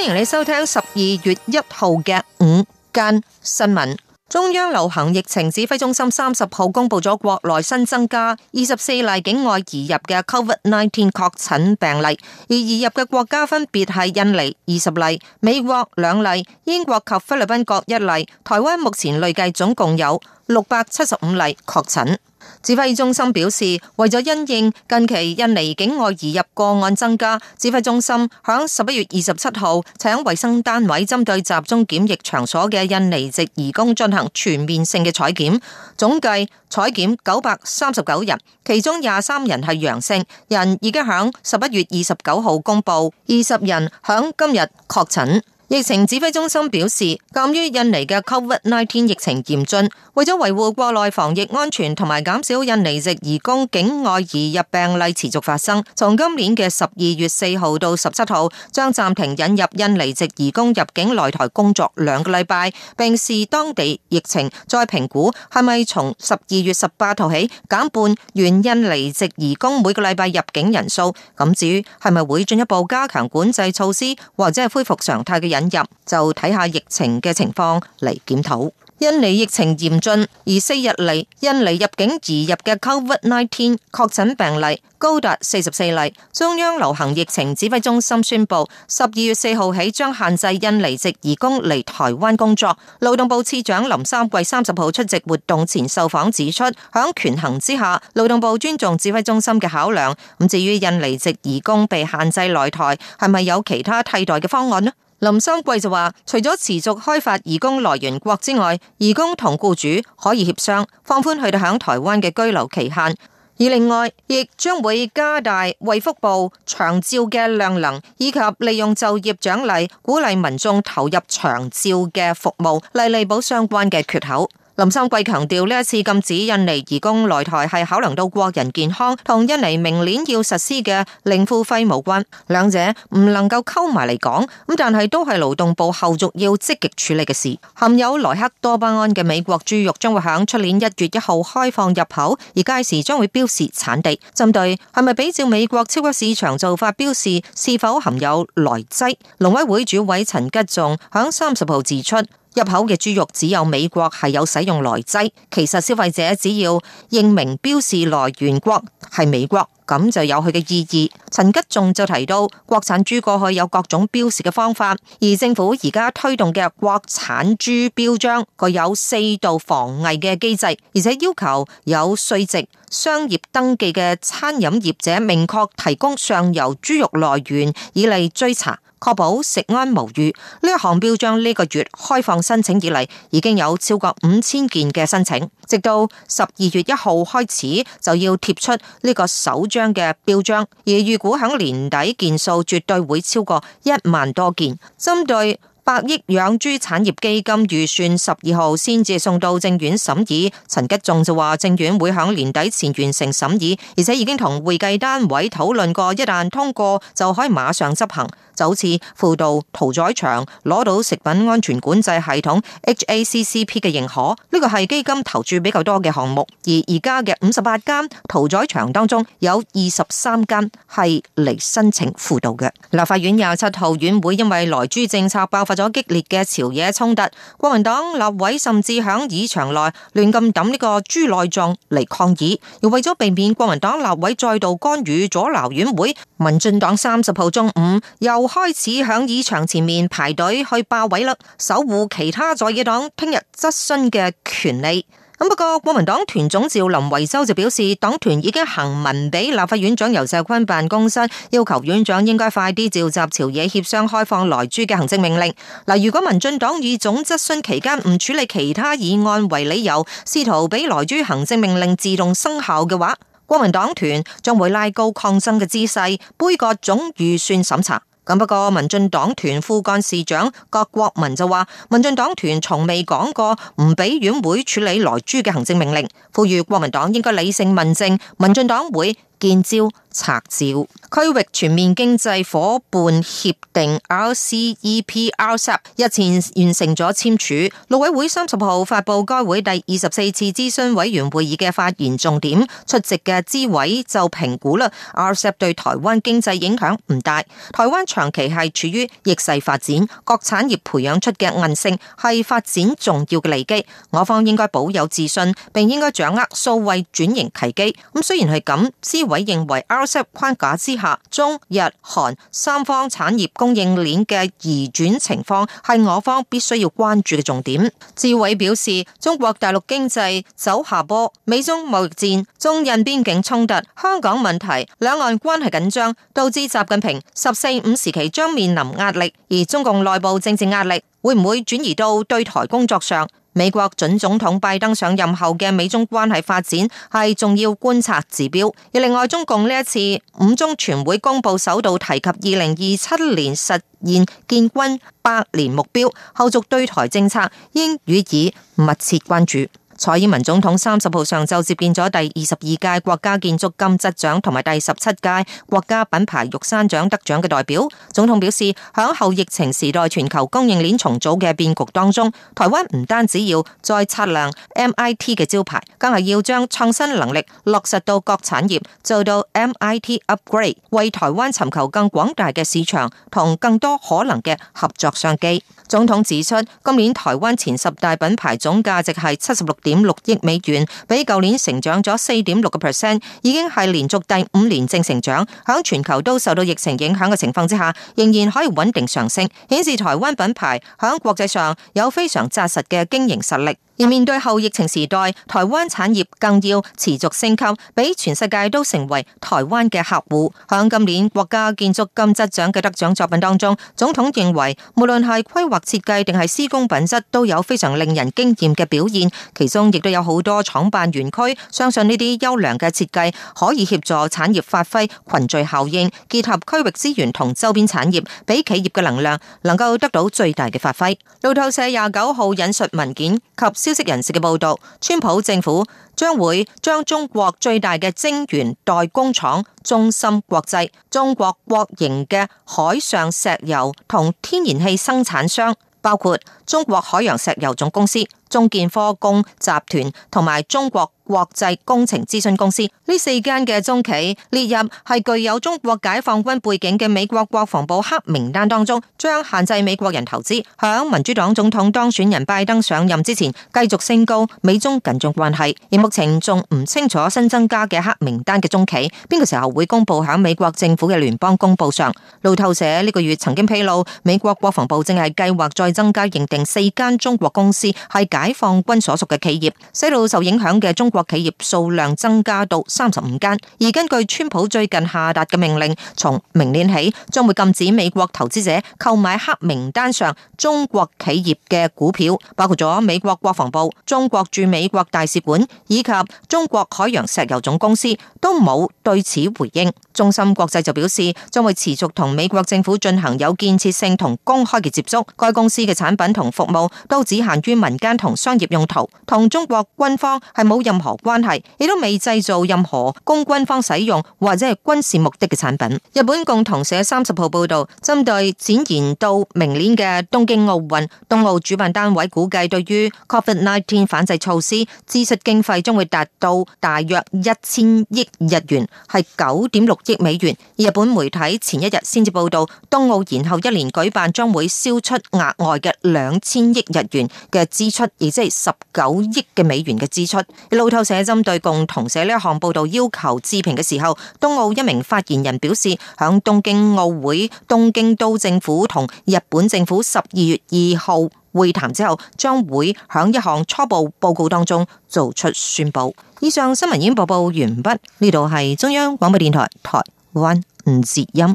歡迎你收聽十二月一號嘅午間新聞。中央流行疫情指揮中心三十號公布咗國內新增加二十四例境外移入嘅 COVID-Nineteen 確診病例，而移入嘅國家分別係印尼二十例、美國兩例、英國及菲律賓各一例。台灣目前累計總共有六百七十五例確診。指揮中心表示，為咗因應近期印尼境外移入個案增加，指揮中心響十一月二十七號請衛生單位針對集中檢疫場所嘅印尼籍移工進行全面性嘅採檢，總計採檢九百三十九人，其中廿三人係陽性，人已經響十一月二十九號公布，二十人響今日確診。疫情指揮中心表示，鑒於印尼嘅 COVID-19 疫情嚴峻，為咗維護國內防疫安全同埋減少印尼籍移工境外移入病例持續發生，從今年嘅十二月四號到十七號將暫停引入印尼籍移工入境來台工作兩個禮拜，並視當地疫情再評估係咪從十二月十八號起減半原印尼籍移工每個禮拜入境人數，咁至於係咪會進一步加強管制措施，或者係恢復常態嘅人？入就睇下疫情嘅情況嚟檢討。檢討印尼疫情嚴峻，而四日嚟印尼入境移入嘅 COVID nineteen 確診病例高達四十四例。中央流行疫情指揮中心宣布，十二月四號起將限制印尼籍移工嚟台灣工作。勞動部次長林三貴三十號出席活動前受訪指出，響權衡之下，勞動部尊重指揮中心嘅考量。咁至於印尼籍移工被限制來台，係咪有其他替代嘅方案呢？林生桂就話，除咗持續開發移工來源國之外，移工同僱主可以協商放寬去到喺台灣嘅居留期限，而另外亦將會加大衛福部長照嘅量能，以及利用就業獎勵鼓勵民眾投入長照嘅服務，嚟彌補相關嘅缺口。林三桂強調，呢一次禁止印尼移工來台係考量到國人健康，同印尼明年要實施嘅零付費無關，兩者唔能夠溝埋嚟講。咁但係都係勞動部後續要積極處理嘅事。含有萊克多巴胺嘅美國豬肉將會響出年一月一號開放入口，而屆時將會標示產地。針對係咪比照美國超級市場做法標示是否含有萊劑，農委會主委陳吉仲響三十號指出。入口嘅豬肉只有美國係有使用萊劑，其實消費者只要認明標示來源國係美國，咁就有佢嘅意義。陳吉仲就提到，國產豬過去有各種標示嘅方法，而政府而家推動嘅國產豬標章具有四道防偽嘅機制，而且要求有稅籍商業登記嘅餐飲業者明確提供上游豬肉來源，以利追查。確保食安無虞。呢一項標章呢個月開放申請以嚟，已經有超過五千件嘅申請。直到十二月一號開始就要貼出呢個首張嘅標章，而預估響年底件數絕對會超過一萬多件。針對百億養豬產業基金預算十二號先至送到政院審議，陳吉仲就話政院會響年底前完成審議，而且已經同會計單位討論過，一旦通過就可以馬上執行。首次輔導屠宰場攞到食品安全管制系統 HACCP 嘅認可，呢個係基金投注比較多嘅項目。而而家嘅五十八間屠宰場當中有二十三間係嚟申請輔導嘅。立法院廿七號院會因為萊豬政策爆發咗激烈嘅朝野衝突，國民黨立委甚至響議場內亂咁抌呢個豬內臟嚟抗議，而為咗避免國民黨立委再度干預阻撓院會。民進黨三十號中午又開始響議場前面排隊去霸位啦，守護其他在野黨聽日質詢嘅權利。咁不過國民黨團總召林維州就表示，黨團已經行文俾立法院長游錫堃辦公室，要求院長應該快啲召集朝野協商開放萊豬嘅行政命令。嗱，如果民進黨以總質詢期間唔處理其他議案為理由，試圖俾萊豬行政命令自動生效嘅話，國民黨團將會拉高抗爭嘅姿勢，杯葛總預算審查。不過，民進黨團副幹事長郭國民就話，民進黨團從未講過唔俾院會處理萊豬嘅行政命令，呼籲國民黨應該理性問政，民進黨會見招。拆照區域全面經濟夥伴協定 （RCEP）RCEP 日前完成咗簽署。陸委會三十號發布該會第二十四次諮詢委員會議嘅發言重點，出席嘅支委就評估啦 RCEP 對台灣經濟影響唔大。台灣長期係處於逆勢發展，各產業培養出嘅韌性係發展重要嘅利基。我方應該保有自信，並應該掌握數位轉型契機。咁雖然係咁，支委認為框架之下，中日韓三方產業供應鏈嘅移轉情況，係我方必須要關注嘅重點。智偉表示，中國大陸經濟走下坡，美中貿易戰、中印邊境衝突、香港問題、兩岸關係緊張，導致習近平十四五時期將面臨壓力。而中共內部政治壓力會唔會轉移到對台工作上？美國準總統拜登上任後嘅美中關係發展係重要觀察指標，而另外中共呢一次五中全會公布，首度提及二零二七年實現建軍百年目標，後續對台政策應予以密切關注。蔡英文總統三十號上晝接見咗第二十二屆國家建築金質獎同埋第十七屆國家品牌玉山獎得獎嘅代表。總統表示，響後疫情時代全球供應鏈重組嘅變局當中，台灣唔單止要再擦亮 MIT 嘅招牌，更係要將創新能力落實到各產業，做到 MIT upgrade，為台灣尋求更廣大嘅市場同更多可能嘅合作商機。總統指出，今年台灣前十大品牌總價值係七十六點。點六億美元，比舊年成長咗四點六個 percent，已經係連續第五年正成長。響全球都受到疫情影響嘅情況之下，仍然可以穩定上升，顯示台灣品牌響國際上有非常扎實嘅經營實力。而面對後疫情時代，台灣產業更要持續升級，俾全世界都成為台灣嘅客戶。響今年國家建築金質獎嘅得獎作品當中，總統認為，無論係規劃設計定係施工品質，都有非常令人驚艷嘅表現。其中亦都有好多廠辦園區，相信呢啲優良嘅設計可以協助產業發揮群聚效應，結合區域資源同周邊產業，俾企業嘅能量能夠得到最大嘅發揮。路透社廿九號引述文件及消息人士嘅報道，川普政府將會將中國最大嘅晶圓代工廠中芯國際、中國國營嘅海上石油同天然氣生產商，包括中國海洋石油總公司、中建科工集團同埋中國國際工程諮詢公司呢四間嘅中企列入係具有中國解放軍背景嘅美國國防部黑名單當中，將限制美國人投資。響民主黨總統當選人拜登上任之前，繼續升高美中緊張關係。而目前仲唔清楚新增加嘅黑名單嘅中企邊個時候會公佈響美國政府嘅聯邦公佈上。路透社呢個月曾經披露，美國國防部正係計劃再增加認定。四間中國公司係解放軍所屬嘅企業，使得受影響嘅中國企業數量增加到三十五間。而根據川普最近下達嘅命令，從明年起將會禁止美國投資者購買黑名單上中國企業嘅股票。包括咗美國國防部、中國駐美國大使館以及中國海洋石油總公司都冇對此回應。中芯國際就表示將會持續同美國政府進行有建設性同公開嘅接觸。該公司嘅產品同服務都只限於民間同商業用途，同中國軍方係冇任何關係，亦都未製造任何供軍方使用或者係軍事目的嘅產品。日本共同社三十號報道，針對展延到明年嘅東京奧運，東奧主辦單位估計對於 COVID-19 反制措施支出經費將會達到大約一千億日元，係九點六億美元。日本媒體前一日先至報道，東奧延後一年舉辦，將會燒出額外嘅兩千億日元嘅支出，亦即係十九億嘅美元嘅支出。路透社針對共同社呢一項報道要求置評嘅時候，東奧一名發言人表示，響東京奧會東京都政府同日本政府十二月二號會談之後，將會響一項初步報告當中做出宣佈。以上新聞已經播報完畢，呢度係中央廣播電台台灣吳志音。